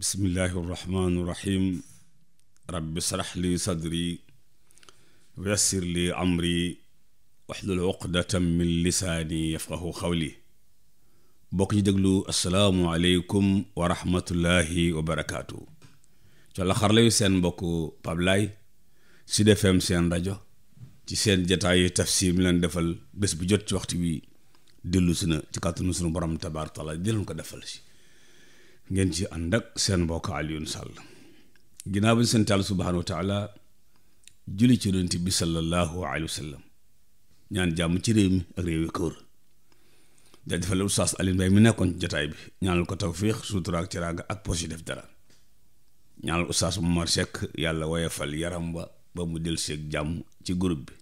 bismillahi irrahmani irrahim rabbi srax li sadri wa yassir li amri waxlul uqdatan min lisaani yafqahu xawli bokk ñu déglu asalaamu aleykum wa rahmatullahi wa barakaatu ci la xarla yu seen mbokk Pablaay Sud FM seen rajo ci seen jataayu tafsir mi leen defal bés bu jot ci waxtu bi dellu si na ci kàttanu sunu borom tabaaraka taala di leen ko defal si ngeen ci ànd ak seen mbokk Alioune Sall ginnaaw bi seen taal subhaanahu wa julli ci yonent bi sallallahu alayhi wa ñaan jàmm ci réew mi ak réew yi ko wër jaajëfal Oustaz Alioune Mbaye mi nekkoon ci jotaay bi ñaanal ko tawfiix sutura ak ciraanga ak poche yi def dara ñaanal Oustaz Momar Seck yàlla woyefal yaram ba ba mu del jàmm ci groupe bi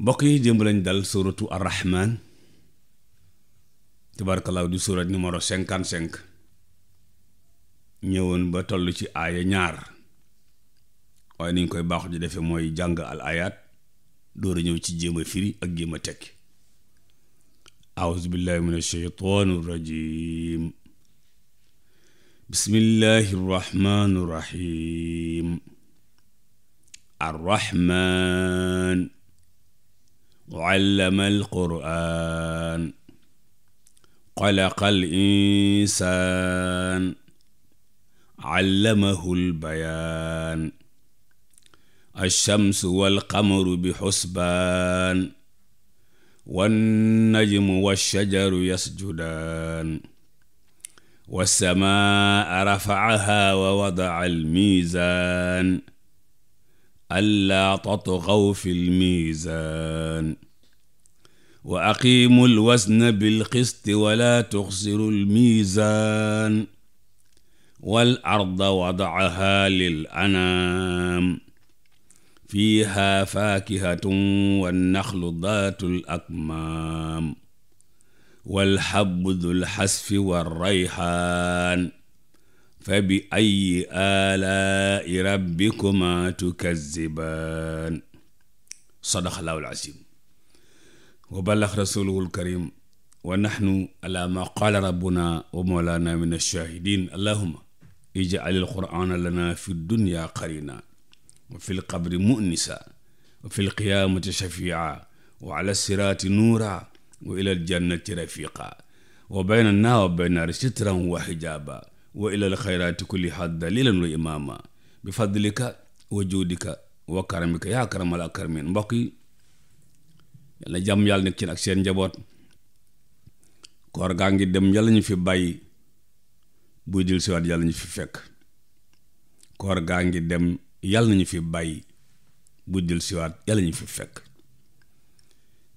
mbokk yi démb lañ dal suratu ar tabarakallahu di surat numéro cinquante cinq ñëwoon ba toll ci aaya ñaar waaye niñ koy baaxu ji defe mooy jàng al ayat dóor ñëw ci jéem a firi ak jéem a tekki aousubillahi min asheytaani rajim bismillahi rrahmani rrahim arrahman allama alquran xalaqal insaan allamahul bayaan alchamsu walqamaru bi xusbaan wannajmu walshajaru yasjudaan walsamaa rafaaha wa wadaca almiisaan allaa tatgaw fi lmiisaan wa aqimu alwasna bilqisti wala tuxsiru almiizaan wal arda wadacaha lil anaam fiiha faakihatun wannaxlu daatul akmaam walxabbu dul xasfi warrayxaan fabi ayyi aalaa'i rabbikumaa tukazzibaan sadaqallaahu al-aziim wa ballax rasuluhul karim wa nahnu ala ma qaala rabbuna wa mawlana min ash-shahidin allahumma ij'al al-qur'ana lana fi dunya qarina wa fi l-qabri mu'nisa wa fi l-qiyamati shafi'a wa ala sirati nuura wa ila al-jannati rafiqa wa baynana wa bayna sitran wa hijaba wa ila al-khayrati kulliha dalilan wa imama bi fadlika wa juudika wa karamika ya akramal akramin mbokk yi yàlla jàmm yàlla nekk ci ak seen njaboot koor gaa ngi dem yàlla ñu fi bàyyi buy dil siwaat yàlla ñu fi fekk koor gaa ngi dem yàlla ñu fi bàyyi buy dil siwaat yàlla fi fekk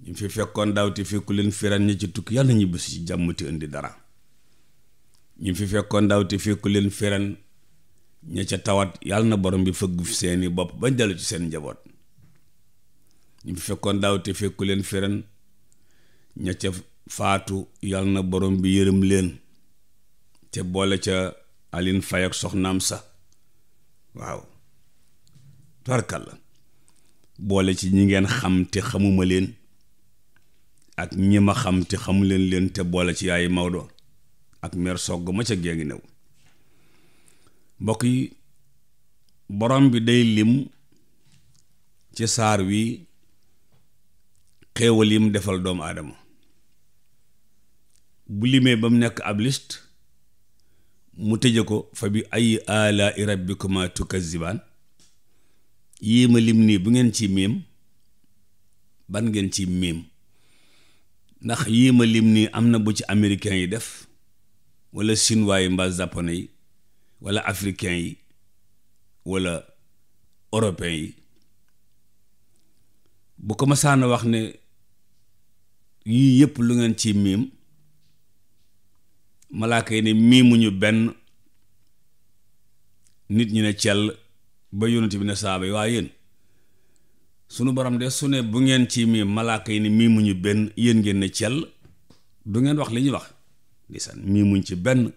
ñu fi fekkoon daaw te fekku leen firan ñi ci tukki yàlla ñu bés ci jàmm te indi dara ñu fi fekkoon daaw te fekku leen firan ña ca tawat yàlla na borom bi fëgg seeni bopp bañ dellu ci seen njaboot ñu fekkoon daaw te fekku leen fi ña ca faatu yàlla na borom bi yërëm leen te boole ca Aline fay ak soxnaam sa waaw tarkal la boole ci ñi ngeen xam te xamuma leen ak ñi ma xam te xamu leen leen te boole ci yaay Maodo ak meer sogg ma ca gee ngi new mbokk borom bi day lim ci saar wi xéewal yi mu defal doomu aadama bu limee ba mu nekk ab list mu tëje ko fa bi ay ala i rabbikuma tukazzibaan yii ma lim nii bu ngeen ci miim ban ngeen ci miim ndax yii ma lim nii am na bu ci americain yi def wala chinois yi mbaa japonais yi wala africain yi wala européen yi bu ko masaana wax ne yii yëpp lu ngeen ci miim malaaka yi ne miimuñu benn nit ñi ne cell ba yonent bi ne saaba yi waa yéen sunu borom de su ne bu ngeen ci miim malaaka yi ne miimuñu benn yéen ngeen ne cell du ngeen wax li ñuy wax ndeysaan miimuñ ci benn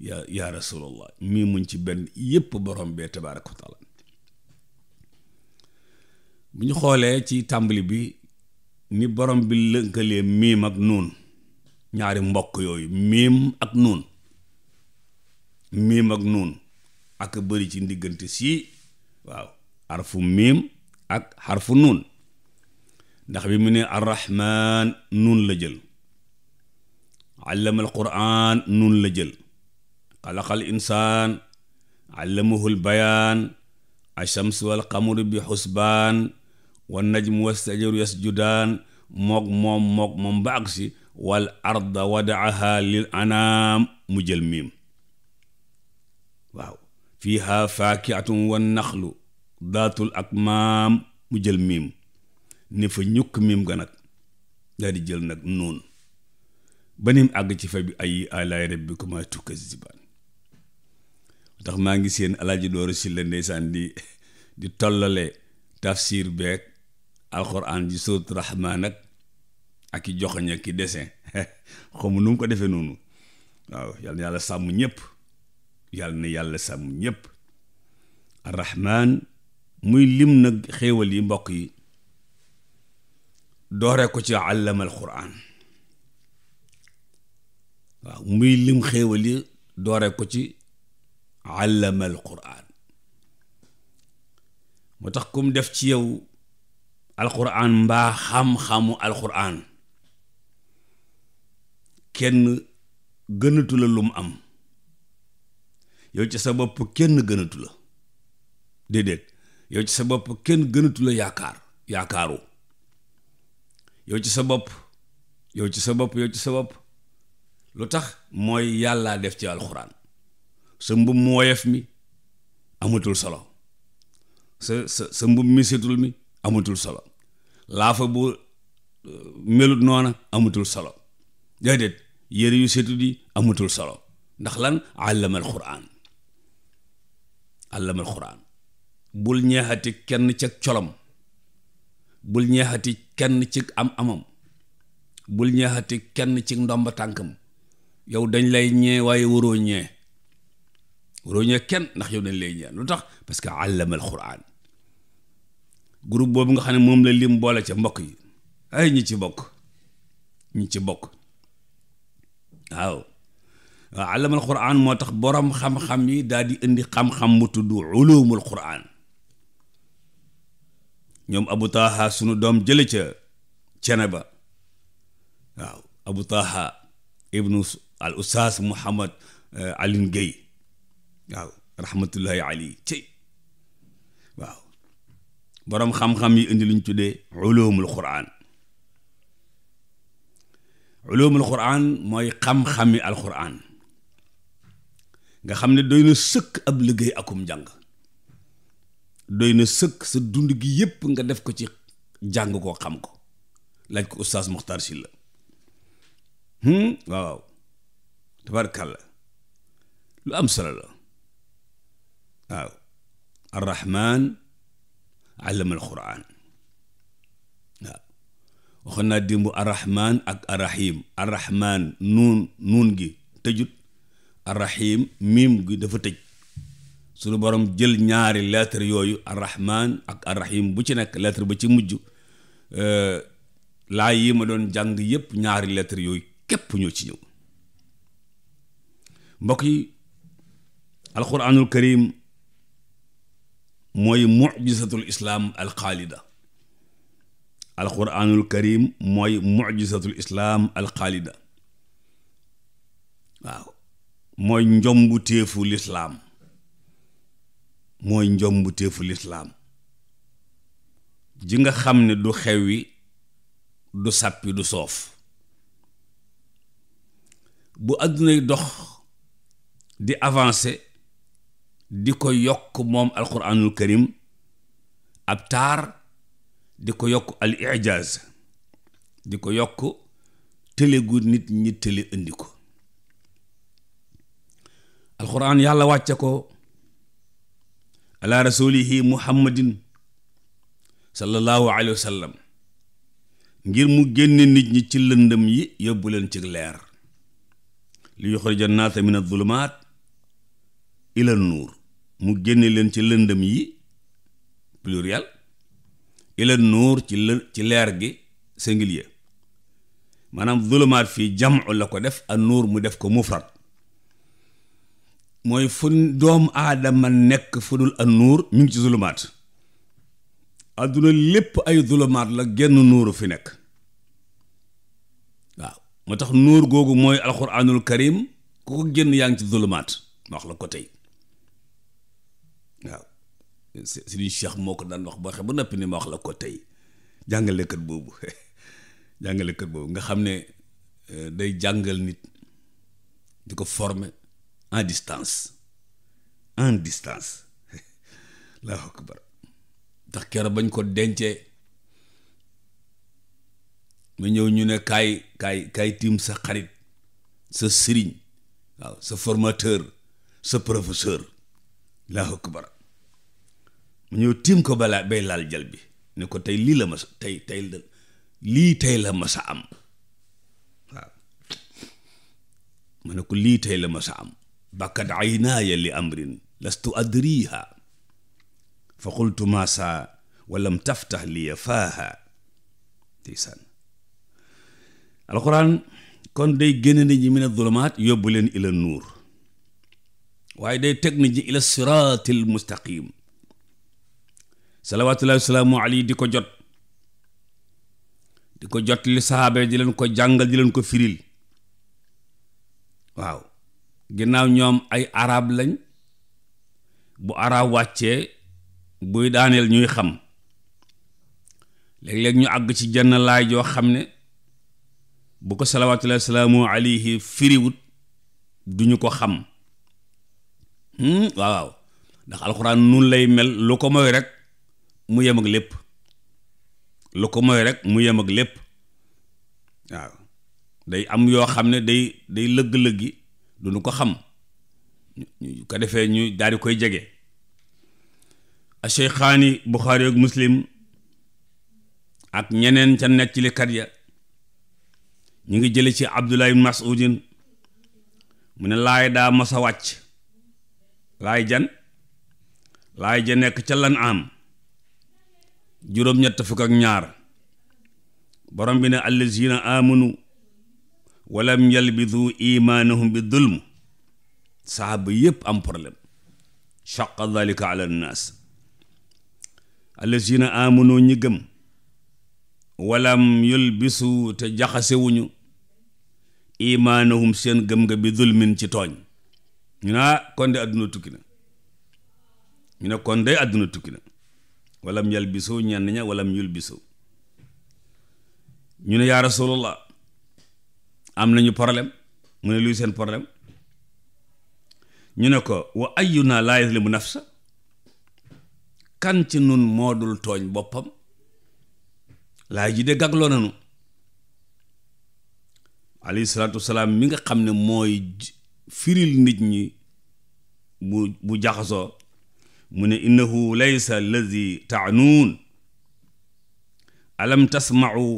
yaa yaa rasulallah miimuñ ci benn yépp borom bee tabaaraka wa taala ñu xoolee ci tàmbali bi ni borom bi lënkalee miim ak nuun ñaari mbokk yooyu miim ak nuun miim ak nuun ak bëri ci ndiggante sii waaw xarfu miim ak xarfu nuun ndax bi mu ne arrahman nuun la jël allama alquran nuun la jël xalaqal insaan allamahu albayaan ashamsu bi xusbaan wan najmu wastajaru yasjudaan mook moom mook moom ba agsi wal arda wadaaha lil anaam mu jël miim waaw fiiha faakiatun wan naxlu daatul akmaam mu jël miim ne fa ñukk miim ga nag daal di jël nag noonu ba nim àgg ci fa bi ay alaay rabbikumaa tukazzibaan tax maa ngi seen alaaji dooru si la ndeysaan di di tollale tafsir beeg alxuraan ji suuratu raxmaan ak ak i joxoñ ak i dessin xamu nu mu ko defee noonu waaw yàlla sàmm ñëpp yal na yàlla sàmm ñëpp arrahman muy lim nag xéewal yi mbokk yi doore ko ci àllamal quraan waaw yi doore ko ci àllamal moo tax kum def ci yow alxuraan mbaa xam-xamu alxuraan kenn gënatula la am yow ci sa bopp kenn gënatu la déedéet yow ci sa bopp kenn gënatula yaakaar yaakaaru yow ci sa bopp yow ci sa bopp yow ci sa bopp lu tax mooy yàllaa def ci alxuraan sa mbub mu woyof mi amatul solo sa sa sa mbubb mi setul mi amatul solo laafa bu euh, melut noona amatul solo déedéet yére yu setu di amatul solo ndax lan allama al quran allama quran bul ñeexati kenn ci colom bul ñeexati kenn ci am amam bul ñeexati kenn ci ndomba tànkam yow dañ lay ñee waaye waroo ñee waroo ñee kenn ndax yow dañ lay ñee lu tax parce que allama quran groupe boobu nga xam ne moom la lim boole ca mbokk yi ay ñi ci bokk ñi ci bokk waaw waaw alamal quran moo tax borom xam-xam yi daal di indi xam-xam mu tudd ulumul quran ñoom abu taha sunu doom jële ca cene ba waaw abu taha ibnu al ustaas muhammad eh, alin gay waaw rahmatullahi ali ci boroom xam-xam yi indi lu ñu tuddee ulumul quraan ulumul quraan mooy xam-xami alquraan nga xam ne doy na sëkk ab liggéey akum njàng doy na sëkk sa dund gi yépp nga def ko ci jàng koo xam ko laaj ko oustaz Mokhtar Sylla hmm? waaw waaw tabarakalla lu am solo la waaw allamal quraan waaw waxoon naa dimbu arrahman ak arrahim arrahman nuun nuun gi tëjut arrahim miim gi dafa tëj suñu boroom jël ñaari lettre yooyu arrahman ak arrahim bu ci nekk lettre ba ci mujj laa yi ma doon jàng yépp ñaari lettre yooyu képp ñoo ci ñëw mbokk yi karim mooy mujisatul islaam alxaalida alquranul karim mooy mujisatul islaam alxaalida waaw mooy njombu lislaam mooy njombu lislaam ji nga xam ni du xewwi du sàppi du soof bu àddunay dox di avancer di ko yokk moom alquranul karim ab taar di ko yokk al ijaaz di ko yokk tële gu nit ñi tële indi ko alquran yàlla wàcce ko ala rasulihi muhammadin sallallahu alayhi wa ngir mu génne nit ñi ci lëndëm yi yóbbu leen ci leer li yuxrija naasa min adulumaat ila nuur mu génne leen ci lëndëm yi pluriel ila nuur ci lë ci leer gi singulier maanaam zulumaat fii jamu la ko def a nuur mu def ko mufrad mooy fu doom aadama nekk fu dul ak nuur mu ngi ci zulumaat adduna lépp ay zulumaat la genn nuuru fi nekk waaw moo tax nuur googu mooy alxuraanul karim ku ko génn yaa ngi ci zulumaat ma wax la ko tey waaw suñu cheikh moo ko daan wax boo xam ba noppi ni ma wax la ko tey jàngalekat boobu jàngalekat boobu nga xam ne euh, day jàngal nit di ko former en distance en distance allahu akbar ndax keroog bañ ko dencee ma ñëw ñu ne kaay kaay kaay tiim sa xarit sa sëriñ waaw sa formateur sa professeur allahu akbar mu ñëw tiim ko balaa bay laal jal bi ne ko tey lii la ma tey tey la lii tey la mas a am waaw ne ko lii tey la mas a am bakkat aynaaya li amrin lastu adriha fa qultu masa walam taftax li yafaaha ndeysaan alquran kon day génne nit ñi min adulumaat yóbbu leen ila nuur waaye day teg nit ñi ila siraatil mustaqim salawaatullahi wasalaamu alayhi di ko jot di ko jot li saxaaba di leen ko jàngal di leen ko firil waaw ginnaaw ñoom ay arab lañ bu araab wàccee buy daaneel ñuy xam léeg-léeg ñu àgg ci jenn laay joo xam ne bu ko salawaatullahi wasalaamu alayhi firiwut duñu ko xam hmm? waaw ndax alxuraan nun lay mel lu ko moy rek mu yem ak lépp lu ko mooy rek mu yem ak lépp waaw day am yoo xam ne day day lëgg-lëggi du nu ko xam ko defee ñu daal di koy jege a Cheikhaani Buxaari ak Muslim ak ñeneen ca nettalikat ya ñu ngi jële ci Abdullah ibn Mas'udin mu ne laay daa mas a wàcc laay jan laay ja nekk ca lan am juróom-ñett fukk ak ñaar borom bi ne allazina amanu walam yalbisu imaanahum bi dulm saxaaba yépp am problème chaqa dalika ala nnaas allazina ñi gëm walam yulbisu te jaxasewuñu imaanahum seen gëm nga bi dulmin ci tooñ ñu ne ah, kon de àdduna tukki na ñu ne kon àdduna tukki na walam yalbisu ñenn ña walam yulbisu ñu ne yaa rasulullah am nañu problème mu ne luy seen problème ñu ne ko wa ayyuna laa yazlimu nafsa kan ci nun moo dul tooñ boppam laay ji de gagloo nanu alayhi salaatu wasalaam mi nga xam ne mooy firil nit ñi bu bu jaxasoo mu ne innahu laysa alladi taanuun alam tasmau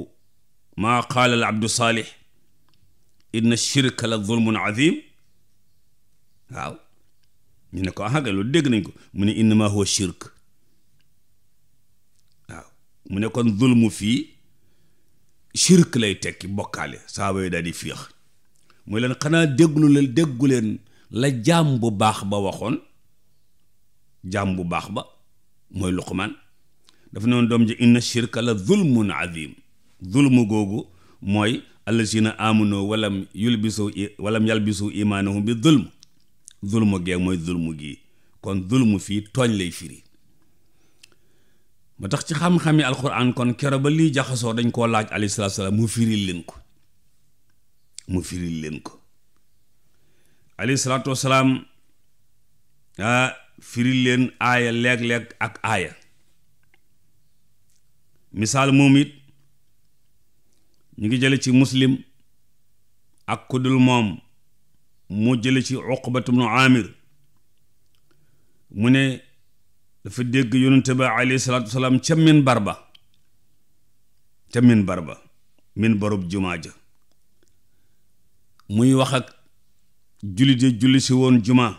maa qaala al abdu saalix inna shirka la zulmun azim waaw ñu ne ko ahaka loolu dégg nañ ko mu ne innama huwa shirk waaw mu ne kon zulmu fii shirk lay tekki bokkaale saaba yi daal di fiix muy leen xanaa déglu leen déggu la jaam bu baax ba waxoon jaam bu baax ba mooy luqmaan dafa noonu doom ji inna shirka la zulmun azim zulmu googu mooy allazina amanu walam yulbisu walam yalbisu imaanahum bi zulm zulmu gee mooy zulmu gii kon zulmu fii tooñ lay firi ba tax ci xam-xami alquran kon kero ba lii jaxasoo dañ koo laaj alayhi salaatu salaam mu firil leen ko mu firil leen ko alayhi salaatu wasalaam ah, firi leen aaya leeg-leeg ak aaya misaal moom it ñu ngi jële ci muslim ak kuddul moom mu jële ci uqbatu bnu amir mu ne dafa dégg yonente ba alayhi salaatu wasalaam ca min barba ca min barba min barub jumaa ja muy wax ak jullit ya julli si woon jumaa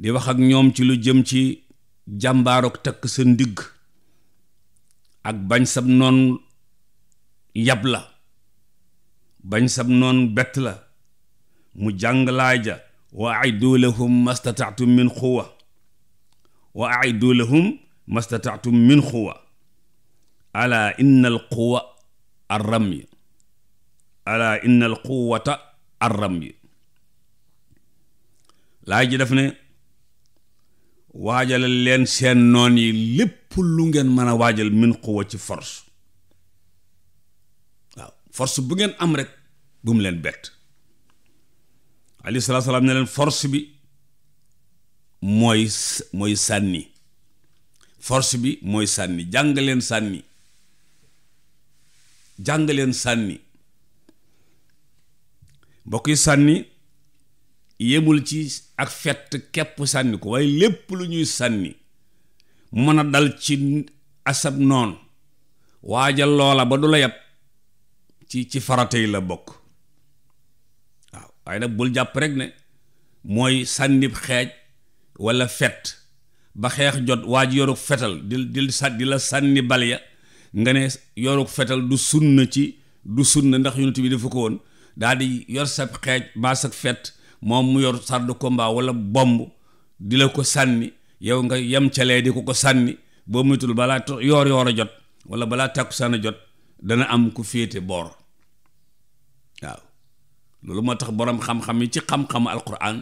di wax ak ñoom ci lu jëm ci jàmbaarook takk sa ndigg ak bañ sab noon yab la bañ sab noon bett la mu jàng laaja wa aidu lahum mastataatum min quwa wa aidu lahum mastataatum min quwa ala inna al quwa arramy ala inna al quwata arramy laaj ji ne waajalal leen seen noon yi lépp lu ngeen mën a waajal min xuwa ci force waaw force bu ngeen am rek bu mu leen bett alayhi salaatu salaam ne leen force bi mooy sànni force bi mooy sànni jàng leen sànni jàng leen sànni mbokk sànni yemul ci ak fett képp sànni ko waaye lépp lu ñuy sànni mën a dal ci asab noonu waaja loola ba du la yab ci ci farata yi la bokk waaw waaye nag bul jàpp rek ne mooy sànnib xeej walla fett ba xeex jot waaj ji yoruk fetal di la sànni bal ya nga ne yoruk fetal du sunna ci du sunna ndax yonent bi dafa ko woon daal di yor sab xeej maa sag fett moom mu yor ko mbaa walla bomb di la ko sànni yow nga yem calee di ko ko sànni boo muytul balaa yoor yoor a jot wala balaa tàkkusaan a jot dana am ku féete boor waaw loolu moo tax boroom xam-xam yi ci xam-xam alquran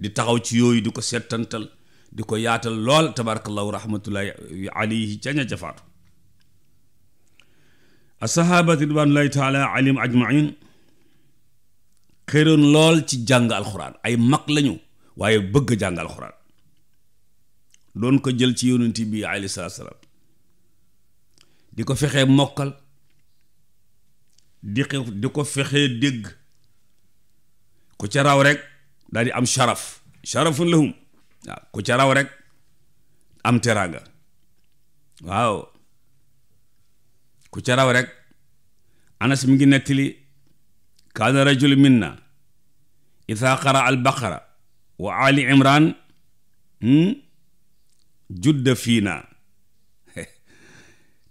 di taxaw ci yooyu di ko settantal di ko yaatal lool tabarakallahu rahmatullahi alayhi ca ña jafaatu asahabati ridwanullahi taala alim ajmain xëroon lool ci jàng alxuraan ay mag lañu waaye bëgg jàng alxuraan doon ko jël ci yonent bi alayhi salaatu salaam di ko fexee mokkal di ko di ko fexee dégg ku ca raw rek daal di am sharaf sharafun lahum waaw ku ca raw rek am teraanga waaw ku ca raw rek anas mu ngi nettali kaana rajul minna isaa xara al baqara wa ali imran judda fiina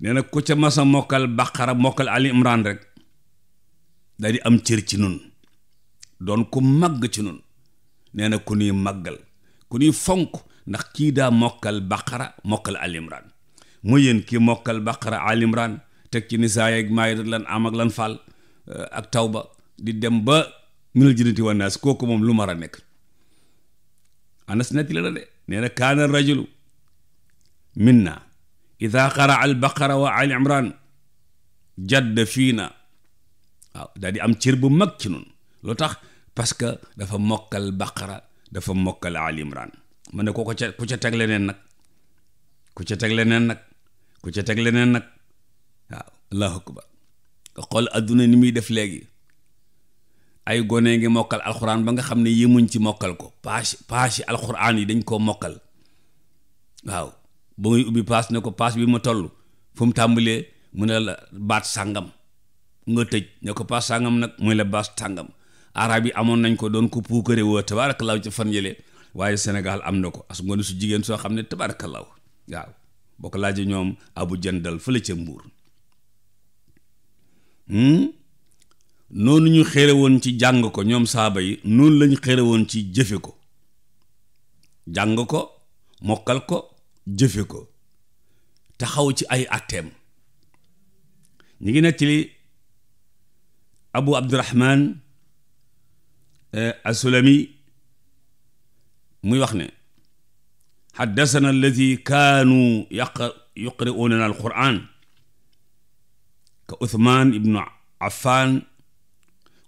nee ku ca masa mokkal baqara mokkal ali imran rek da am cër ci nun doon ku màgg ci nun nee na ku nuy màggal ku nuy fonk ndax kii daa mokkal baqara mokkal ali imran mu yéen kii mokkal baqara ali imran teg ci nisaa yeeg maaydat lan am ak lan faal ak tawba di dem ba minal jinnati wan naas kooku moom lu mar a nekk anas netti la la de nee na kaana rajulu minna ida qara al baqara wa al imran jadd fiina waaw daal di am cër bu mag ci noonu lu tax parce que dafa mokkal baqara dafa mokkal al imran ma ne ko ko ca ku ca teg leneen nag ku ca teg leneen nag ku ca teg leneen nag waaw allahu akbar xool adduna ni muy def léegi ay gone ngi mokkal alxuraan ba nga xam ne muñ ci mokkal ko paas paas yi alxuraan yi dañ koo mokkal waaw ba muy ubbi paas ne ko paas bi ma toll fu mu tàmbalee mu ne la baat sàngam nga tëj ne ko paas sàngam nag muy la baat sàngam arab yi amoon nañ ko doon ko puukare woo tabaarakallaahu ci fan yële waaye Sénégal am na ko as ngoone su jigéen soo xam ne tabaarakallaahu waaw boo ko laajee ñoom abu jëndal fële ca mbuur hmm? noonu ñu xére woon ci jàng ko ñoom saaba yi noonu lañu xere woon ci jëfe ko jàng ko mokkal ko jëfe ko taxaw ci ay atteem ñu ngi ne nettali abu abdurahman eh, asulami muy wax ne xaddasana alladi kaanu yaq yuqri'uunana alquran ka uthman ibnu affan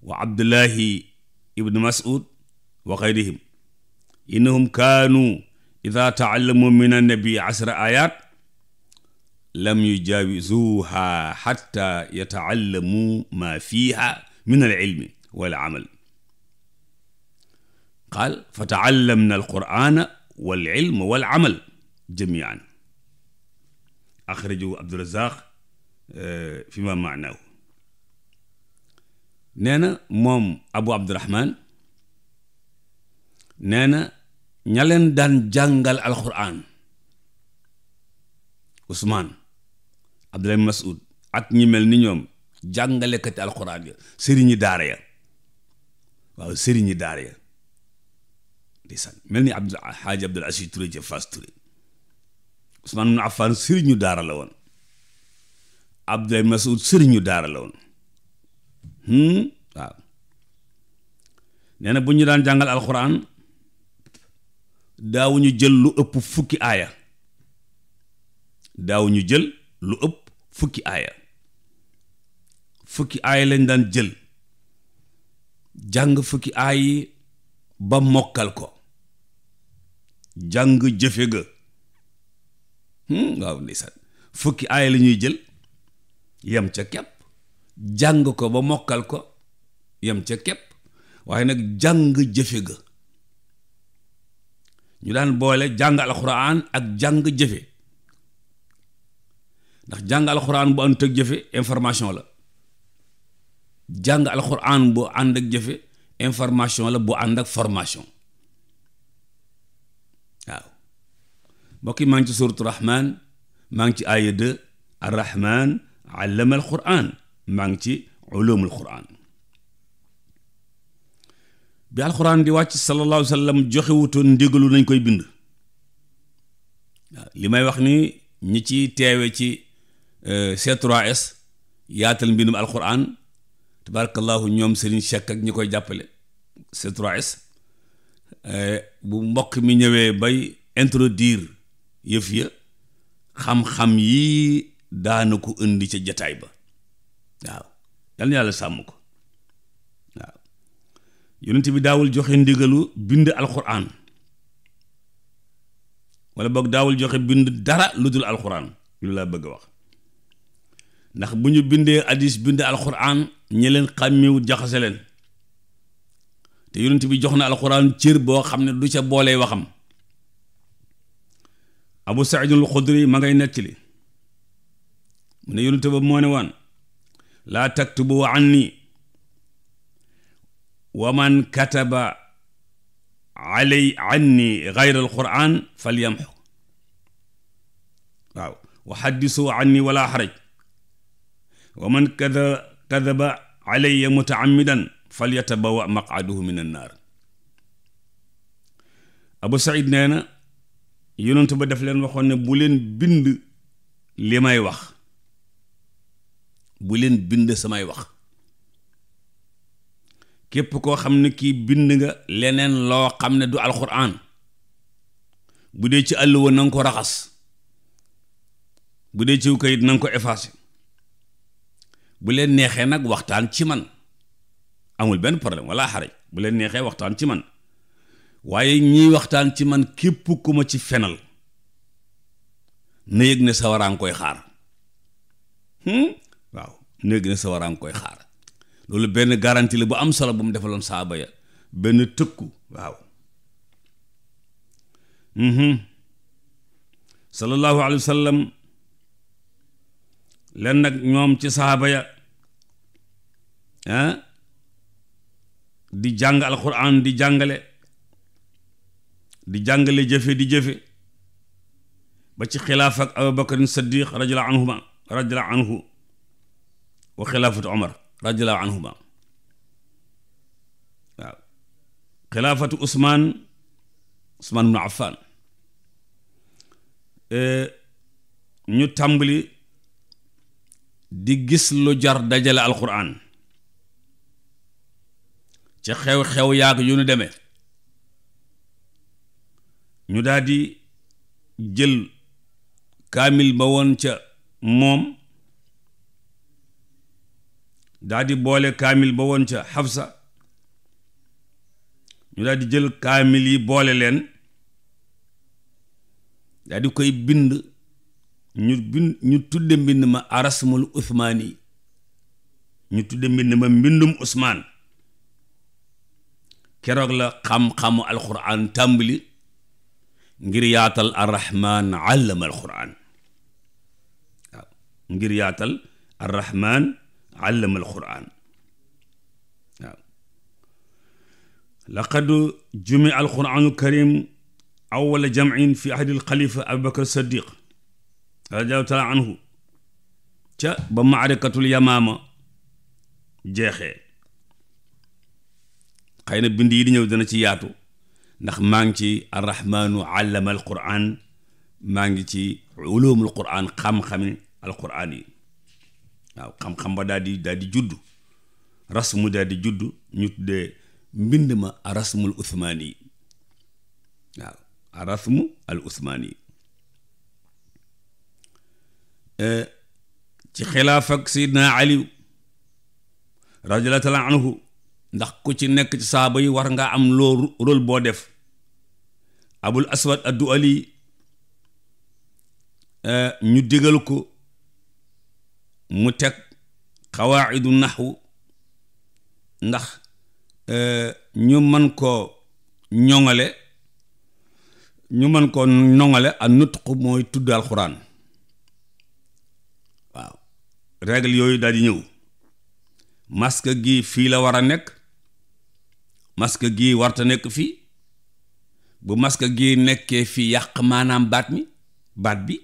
wa abdullahi ibnu mas'ud wa xayrihim innahum kaanu ida taallamu min annabi asra ayat lam yujawisuha xatta yataallamu ma fiha min alilmi wal amal qaal fa taallamna alqurana wal ilm wal amal jamian axrajahu abdurazaq eh, fi ma maanaahu nee na moom abu abdurahman nee na ña leen daan jàngal alxuraan usmaan abdulahi masud ak ñi mel ni ñoom jàngalekati alquran ya sëriñu daara ya waaw sëriñi daara ya di san mel ni abdul xaaji abdul asi turé ca fas turé ab ibn affan sëriñu daara la woon abdulahi masud sëriñu daara la woon Hmm? waaw bu ñu daan jàngal alxuraan daawuñu jël lu ëpp fukki aaya daawuñu jël lu ëpp fukki aaya fukki aaya lañ daan jël jàng fukki aay yi ba mokkal ko jàng jëfe ga hmm? waaw ndeysaan fukki aaya lañuy jël yem ca kepp jàng ko ba mokkal ko yem ca képp waaye nag jàng jëfe ga ñu daan boole jàng alxuraan ak jàng jëfe ndax jàng alxuraan bu ànd ak jëfe information la jàng alxuraan bu ànd ak jëfe information la bu ànd formation waaw mbokk yi maa ngi ci suuratu rahmaan maa ngi ci aaya deux arrahman alxuraan maa ngi ci ulumul bi alquran di wàcc sallallahu alayhi wa sallam joxewutoon ndigalu nañ koy bind li may wax ni ñi ci teewe ci euh, c 3 yaatal mbindum alquran tabarakallahu ñoom sëriñ Cheikh ak ñi koy jàppale c 3 euh, bu mbokk mi ñëwee bay introduire yëf ya xam-xam yi daana ko indi ca jataay ba waaw yal na yàlla sàmm ko waaw yonent bi daawul joxe ndigalu bind alxuraan wala boog daawul joxe bind dara lu dul alxuraan lu laa bëgg a wax ndax bu ñu bindee hadis bind alxuraan ñi leen xàmmiw jaxase leen te yonent bi jox na alxuraan cër boo xam ne du ca boolee waxam abu saidul xudri ma ngay nettali mu ne yonent ba moo ne waan laa taktubu anni wa man kataba alay anni gayra alquran falyamxu waaw wa xaddisu anni wala xaraj wa man kadaba alaya mutaamidan falyatabawa maqaduhu min annaar abu said nee na yonentu ba daf leen waxoon ne bu leen bind li may wax bu leen bind samay wax képp koo xam ne kii bind nga leneen loo xam ne du alxuraan bu dee ci àll wa na nga ko raxas bu dee ci kayit na nga ko effacé bu leen neexee nag waxtaan ci man amul benn problème wala xaraj bu leen neexee waxtaan ci man waaye ñiy waxtaan ci man képp ku ma ci fenal na yëg ne sawaraangi koy xaar hmm? dina gën a sawar koy xaar loolu benn garantie la bu am solo bu mu defaloon saaba ya benn tëkku waaw mhm. sallallahu alayhi wa sallam nag ñoom ci saaba ya ah, di jàng alquran di jàngale di jàngale jëfe di jëfe ba ci xilaaf ak abubakarin saddiq radiallahu anhuma radiallahu anhu wa xilaafatu omar usmaan usmaan bnu affan e, ñu tàmbali di gis lu jar dajale alquran ci xew-xew yaag yu nu demee ñu daal jël kaamil ba woon ca moom daal di boole kaamil ba woon ca ñu daal di jël kaamil yi boole leen daal di koy bind ñu bind tudde mbind ma arasmul usmaani ñu tudde mbind ma mbindum usmaan keroog la xam-xamu alquran tàmbali ngir yaatal arrahman allama alquran waaw ngir yaatal arrahman allama alquran waaw laqad jumi alquranu karim awala jamcin fi ahdi alxalifa abubakar sadiq radiallahu taala anhu ca ba maarakatul yamaama jeexee xëy na bind yi di ñëw dana ci yaatu ndax maa ngi ci arrahmanu allama alquran maa ngi ci ulumul quran xam-xami alquran yi waaw xam-xam ba daal di daal juddu rasmu daal juddu ñu tuddee mbind ma arasmul uthmaani yi waaw al uthmaani yi eh, ci xilaaf ak Seydina Ali radiyallahu taala anhu ndax ku ci nekk ci saaba yi war nga am loo rôle boo def abul aswad addu ali eh, ñu digal ko mu teg xawaayidu naxwu ndax e, ñu mën koo ñoŋale ñu mën koo noŋale ak nutq mooy tudd alxuraan waaw règle yooyu daal di ñëw masque gi fii la war a nekk masque gi warta nekk fii bu masque gi nekkee fii yàq maanaam baat mi baat bi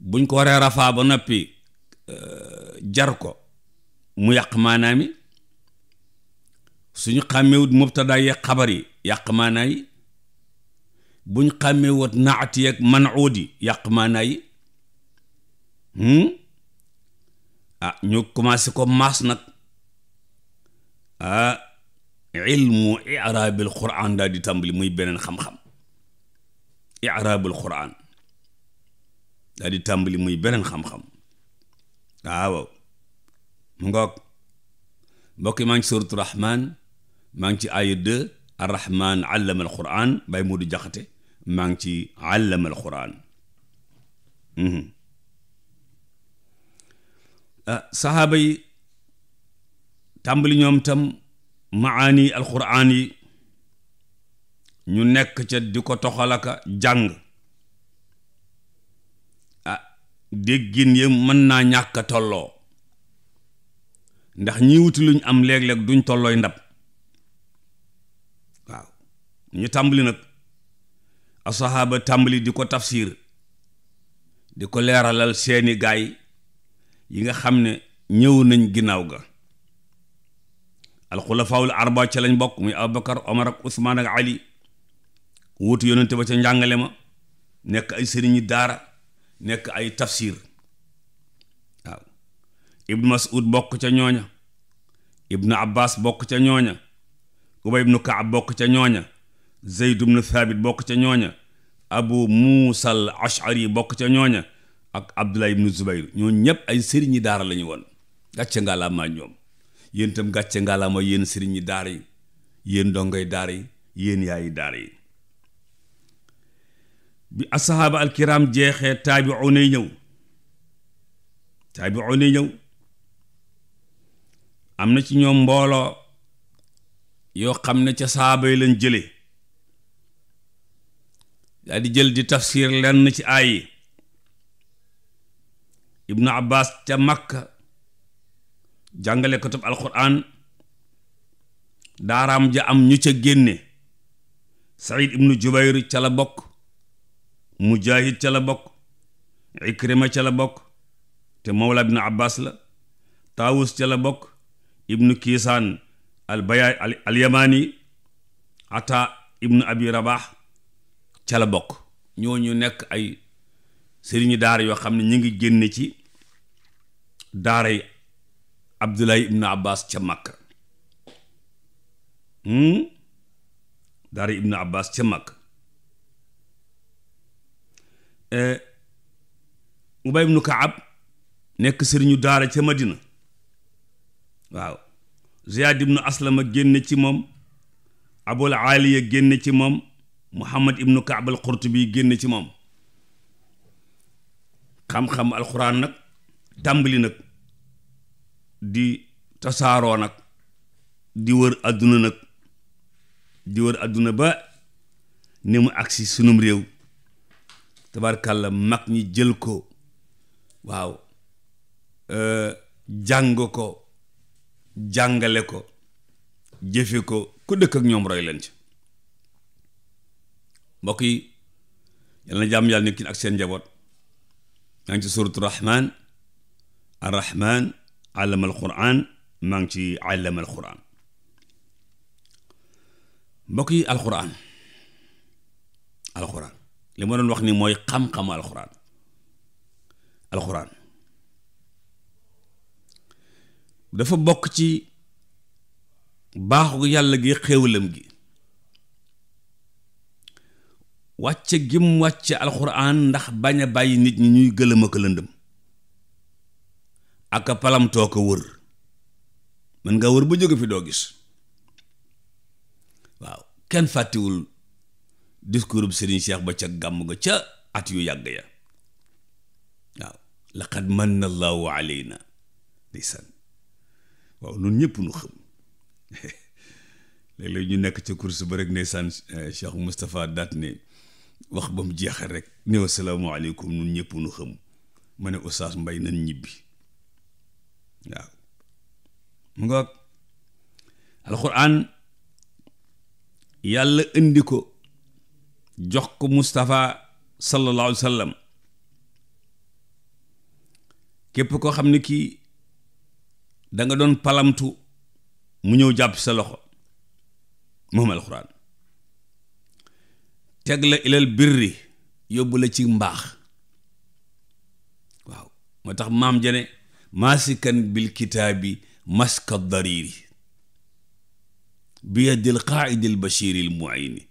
buñ ko waree rafaa ba noppi Euh, jar ko mu yàq maanaam yi suñu xàmmewut mubtadaa yeeg xabar yi yàq maanaa yi buñ xàmmewut naat yeeg manuud yi yàq maanaa yi hmm? ah ñu commencé ko maas nag a ah, ilmu iraabil quran daal di tàmbali muy beneen xam-xam iraabul quran daal di tàmbali muy beneen xam-xam waaw mu ngoog mbokki maa ngi ci suratul rahman maa ngi ci aaya deux arrahman allama bay Moodu Jaxate maa ngi ci allama alquran mhm. ah, sahaaba yi tàmbali ñoom tam maani alquran yi ñu nekk ca di ko toxalaka jàng déggin ya mën naa ñàkk tolloo ndax ñi wuti luñ am léeg-léeg duñ tollooy ndab waaw ñu tàmbali nag asahaaba tàmbali di ko tafsir di ko leeralal seeni gaay yi nga xam ne ñëw nañ ginnaaw ga alxulafaawul arba ca lañ bokk muy abubakar omar ak usmaan ak ali wuutu yonente ba ca njàngale ma nekk ay sëriñi daara nekk ay tafsir waaw ibnu mas'ud bokk ca ñooña ibnu abbas bokk ca ñooña ubay ibnu kaab bokk ca ñooña zeyd ibnu thabit bokk ca ñooña abu muusa al ashari bokk ca ñooña ak abdullah ibnu zubayr ñoo ñépp ay yi daara lañu woon gàcce ngaalaamaa ñoom yéen itam gàcce ngaalaama yéen sëriñi daara yi yéen dongoy daara yi yéen yaayi daara yi bi asaxaaba alkiraam jeexee taabiuun ay ñëw taabiuun ay ñëw am na ci ñoom mbooloo yoo xam ne ca saaba yi lañ jële daal di jël di tafsir lenn ci aay yi ibnu abbas ca makka jàngale ko tub alquran daaraam ja am ñu ca génne said ibnu jubayr ca la bokk mujaahid ca la bokk ikrima ca la bokk te mawla ibnu abbas la taawus ca la bokk ibnu kiisaan al baya al yamaani ata ibnu abi rabax ca la bokk ñu nekk ay sëriñu daara yoo xam ne ñu ngi génne ci daaray abdullahi ibnu abbas ca makka hmm? daaray ibnu abbas ca makka Eh, Ubay ibnu Kaab nekk sëriñu daara ca Madina waaw Ziyaad ibnu Aslama génn ci moom Abul Aliya génn ci moom Muhammad ibnu Kaab Qurtubi génn ci moom xam-xam alxuraan nag tàmbali nag di tasaaroo nag di wër àdduna nag di wër àdduna ba ni mu agsi sunum réew tabarkàlla mag ñi jël ko waaw euh, jàng ko jàngale ko jëfe ko ku dëkk ak ñoom roy leen ci mbokk yi yal na jàmm yàlla nekkin ak seen njaboot maa ci suuratu rahman arrahman allama alquran maa ngi ci allama alquran mbokk yi alquran li ma doon wax ni mooy xam-xamu alxuraan alxuraan dafa bokk ci baaxu yàlla gi xéewalam gi wàcce gim wàcce alxuraan ndax bañ a bàyyi nit ñi ñuy gëlëma ko lëndëm ak palamtoo ko wër mën nga wër ba jóge fi doo gis waaw kenn fàttiwul discours bu Serigne ba ca gàmm ga ca at yu yàgg ya waaw laqad manna Allahu alayna ndeysaan waaw nun ñëpp nu xam léeg-léeg ñu nekk ca course ba rek ndeysaan eh, Cheikh Moustapha daat ba mu jeexal rek ne asalaamaaleykum nun ñëpp nu xam ma ne Oustaz mbay na ñibbi waaw mu nga alxuraan yàlla indi ko jox ko mustafa sallallahu alayhi képp koo xam ne kii danga doon palamtu mu ñëw jàpp sa loxo moom alxuraan teg la ilal birri yóbbu la ci mbaax waaw moo tax maam jane maasikan bil kitaabi maska dariri bi yadil qaaidil bashiril muayni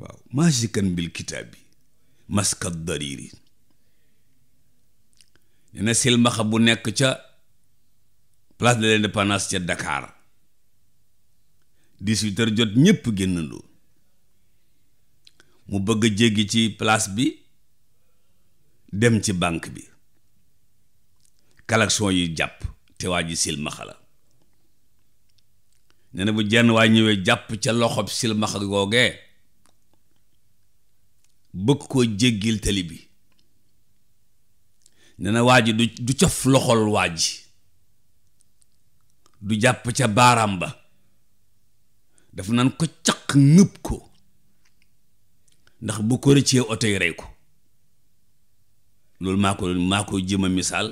waaw maasikan bil kitaabi bi maskat nee na silmaxa bu nekk ca place de l'indépendance ca Dakar dix-huit heures jot ñépp génnandoo mu bëgg a jéggi ci place bi dem ci banque bi collection yi jàpp te waa ji silmaxa la nee na bu jenn waa ñëwee jàpp ca loxob silmaxa googee bëgg koo jéggil tali bi nee na waa ji du du cof loxol waa ji du jàpp ca baaraam ba dafa naan ko caq nëb ko ndax bu ko rëccee oto yi rey ko loolu maa ko maa ko jëm a misaal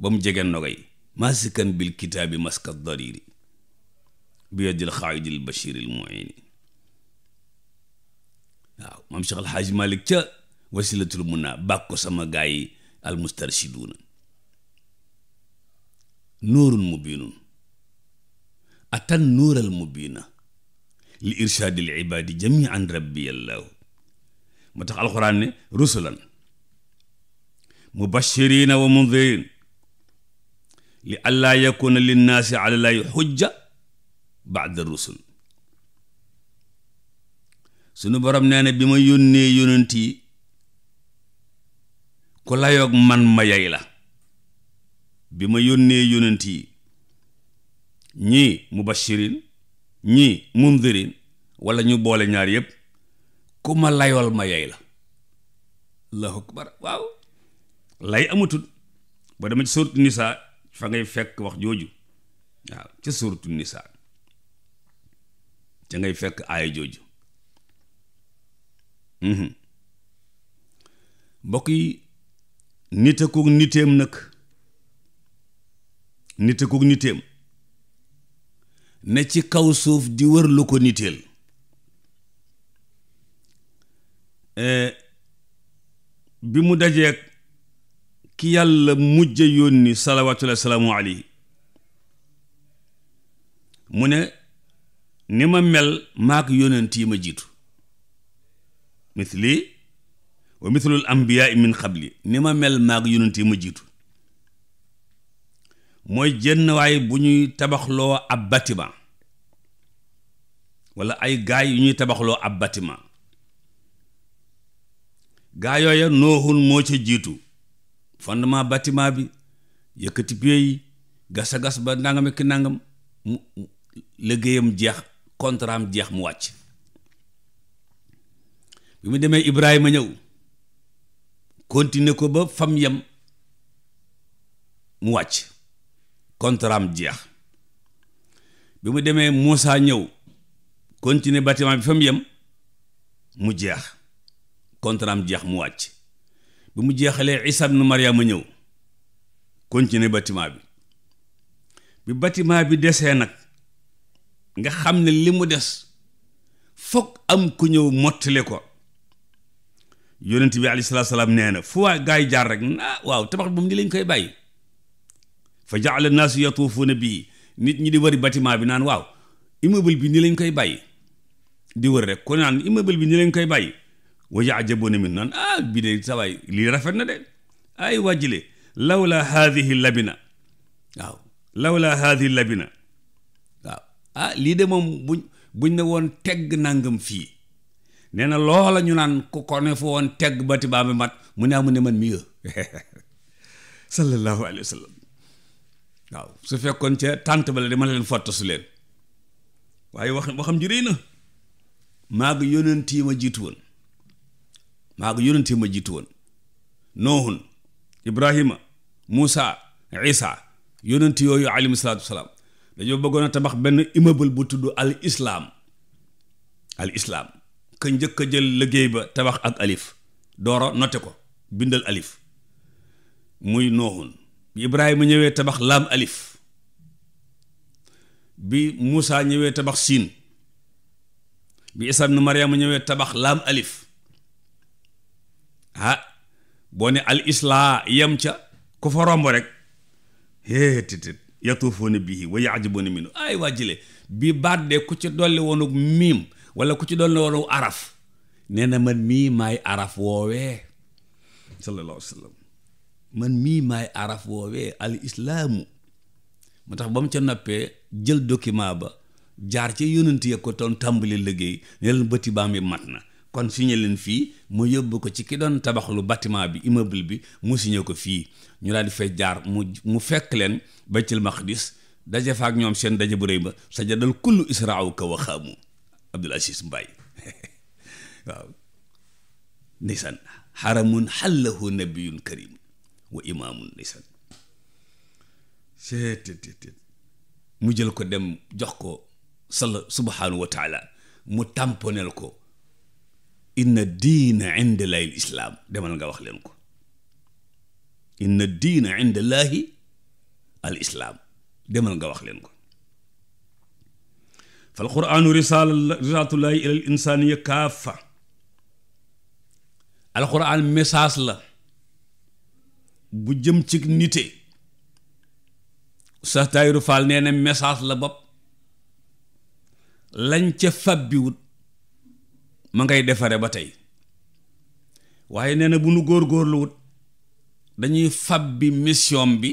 ba mu jege nogay maasikan bil kitaabi maska dariri bi yadil xaayidil bashiril muini waaw maam Cheikh Al Hadj Malick ca wasilatul mun naa bàkk ko sama gaay yi almustarchiduuna nuurun mubiinun atan nuural mubiina li irshaadil ibaadi jamian rabbi allahu moo tax alxuraan ne rusulan mubashirina wa mundirin li allaa yakuna linnaasi ala laahi xujja baada rusul sunu borom nee na bi ma yónnee yónent yi ku layoog man ma yey la bi ma yónnee yónent yi ñii mubashirin ñii mundirin walla ñu boole ñaar yépp ku ma layool ma yey la allahu akbar waaw lay amatul ba dama ci suuratu nisaa fa ngay fekk wax jooju waaw ca suuratu nisaa ca ngay fekk aaya jooju Mhm. mbokk yi nit ak niteem nag nit ak ne ci kaw suuf di wër lu ko niteel eh, bi mu dajeek ki yàlla mujj yónni salawaatullahi salaamu alayhi mu ne ni ma mel maak yónent yi ma jiitu mithli wa mithlul ambiyaa min xabli ni ma mel maag yonent yi ma jiitu mooy jenn waay bu ñuy tabaxloo ab bâtiment wala ay gaay yu tabaxloo ab bâtiment gaa yooya nooxun moo ca jiitu fondement bâtiment bi yëkkati pieds yi gasa gas ba nangam ki liggéeyam jeex contrat jeex mu wàcc bi mu demee Ibrahima ñëw continuer ko ba fam yem mu wàcc contraam jeex bi mu demee Moussa ñëw continuer bâtiment bi fa yem mu jeex contraam jeex mu wàcc bi mu jeexalee Isa ibn Maryama ñëw continuer bâtiment bi bi bâtiment bi desee nag nga xam ne li mu des foog am ku ñëw mottale ko yonent bi alayhi salaam nee na fu waa gaa yi jaar rek ah waaw tabax moom ni lañ koy bàyyi fa jaala naasu yatuufuuna bii nit ñi di wëri bâtiment bi naan waaw ima bël bi ni lañ koy bàyyi di wër rek ku naan immeuble bi ni lañ koy bàyyi wa yaajabuuna min naan ah bii de sawaay lii rafet na de ay wàjjile lawla haadihi labina waaw lawla haadihi labina waaw ah lii de moom buñ buñ ne woon tegg nangam fii nee na loola ñu naan ku ko ne fu woon teg bati baa bi mat mu ne amu ah, ne man mieux sallallahu alayhi wa sallam waaw su fekkoon ca tànt ba la dama leen fott su leen waaye wax waxam ji rëy na maag yonent yi ma jiitu woon maag yonent yi ma jiitu woon noohun ibrahima moussa isa yonent yooyu alayhim salaatu wasalaam dañoo bëggoon a tabax benn immeuble bu tudd al islaam al islaam ka njëkk a jël liggéey ba tabax ak alif dooro note ko bindal alif muy nooxun bi ibrahima ñëwee tabax laam alif bi muusa ñëwee tabax siin bi isa ibnu mariama ñëwee tabax laam alif ah boo ne al islaa yam ca ku fa romb rek héetitit yatuufoona bihi wa yaajaboona minu ay waa jile bi baat de ku ci dolli woonuk miim wala ku ci doon la waru araf nee na man mii maay araf woowee sallallahu alayhi man mii may araf woowee al islaamu mu tax ba mu ca noppee jël document ba jaar ca yonent ya ko doon tàmbali liggéey ne leen bâtiment bi mat na kon signé leen fii mu yóbbu ko ci ki doon tabaxlu bâtiment bi immeuble bi mu signé ko fii ñu daal di fay jaar mu mu fekk leen baytul maqdis daje fa ak ñoom seen daje bu rëy ba sajadal kullu israaw ka waxaamu Abdul Aziz Mbaye waaw ndeysaan xaramun xallahu karim wa imaamun ndeysaan seet mu jël ko dem jox ko sala subhaanahu mu tamponel ko in diina inda laahi l islaam demal nga wax leen ko inna diina inda laahi al islaam demal nga wax leen ko fal quraanu risaala risalatullaahi ilal insaaniya kaafa alquran message la bu jëm ci nite Oustaz Tahirou Fall nee na message la bopp lañ ca fàbbiwut ma ngay defare ba tey waaye nee na bu nu góorgóorluwut dañuy bi mission bi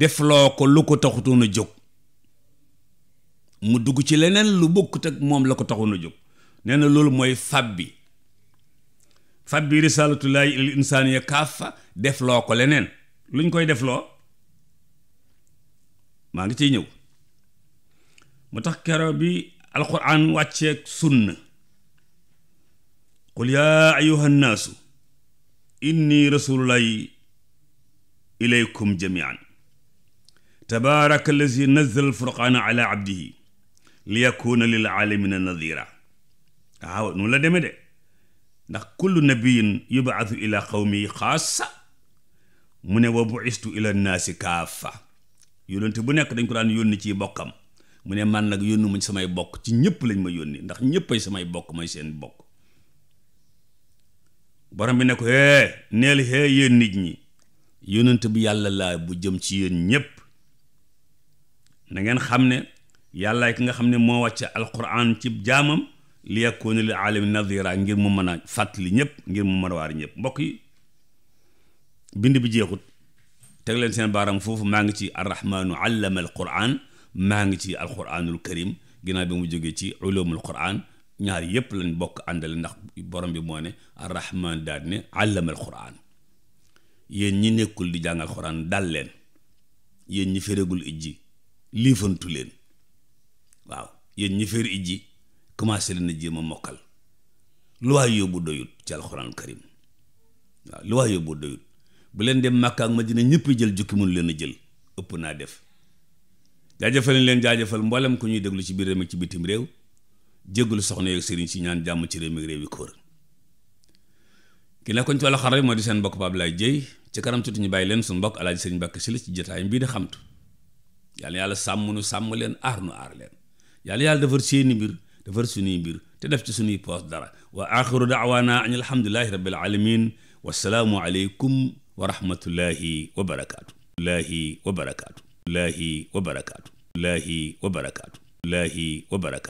defloo ko lu ko taxutoon a jóg mu dugg ci leneen lu bokkut ak moom la ko taxoon a jóg nee na loolu mooy fab bi fab bi risalatullahi il insaaniya kaafa def loo ko leneen luñ koy def loo maa ngi ciy ñëw mu tax kero bi alquran wàcceek sunna qul yaa ayuha nnaasu inni rasulullahi ilaykum jamian tabaraka allazi nazala alfurqaana ala abdihi li yakuna lil aalamina nadira waaw noonu la deme de ndax kullu nabiyin yubaatu ila qawmi xaasa mu ne wa buistu ila naasi kaafa yónnente bu nekk dañ ko daan yónni ci bokkam mu ne man nag yónni mu samay bokk ci ñëpp lañ ma yónni ndax ñëpp ay samay bokk mooy seen bokk borom bi ne ko hee neel hee yéen nit ñi yónnente bu yàlla laa bu jëm ci yéen ñëpp na xam ne yàllaay ki nga xam ne moo wàcce alquran ci jaamam li yakuna lil aalami nadira ngir mu mën a fàttali ñëpp ngir mu mën a ñëpp mbokk yi bind bi jeexut teg leen seen baaram foofu maa ngi ci arrahmanu allama alquran maa ngi ci alquranul karim ginnaaw bi mu jógee ci ulumul quran ñaar yëpp lañ bokk àndale ndax borom bi moo ne arrahman daal ne allama alquran yéen ñi nekkul di jàngal quran dal leen yéen ñi féregul ijji liifantu leen waaw yéen ñi féer ijji commencé leen a jéem a mokkal lu waay yóbbu doyut ci alxuraan karim waaw lu waay yóbbu doyut bu leen dem Makka ak Madina ñëpp jël jukki mun leen a jël ëpp naa def jaajëfal leen jaajëfal mboole ku ñuy déglu ci biir réew ci bitim réew jéggul soxna yeeg sëriñ si ñaan jàmm ci réew mi réew yi kóor ki nekkoon ci moo di seen mbokk Pape Abdoulaye Dieye ci kanam tuuti ñu bàyyi leen su mbokk Alaaji Sëriñ Mbàkke si la ci jotaayam bii di xamtu yàlla yàlla sàmm nu sàmm leen aar nu aar leen yàlla yàlla defar seeni mbir defar suñuy mbir te def ci suñuy poos dara wa axiru daawaana an alhamdulilahi rabbil alamin wasalaamu aleykum wa rahmatullahi wa barakaatu lahi wa barakaatu lahi wa barakaatu lahi wa barakaatu lahi wa barakaatu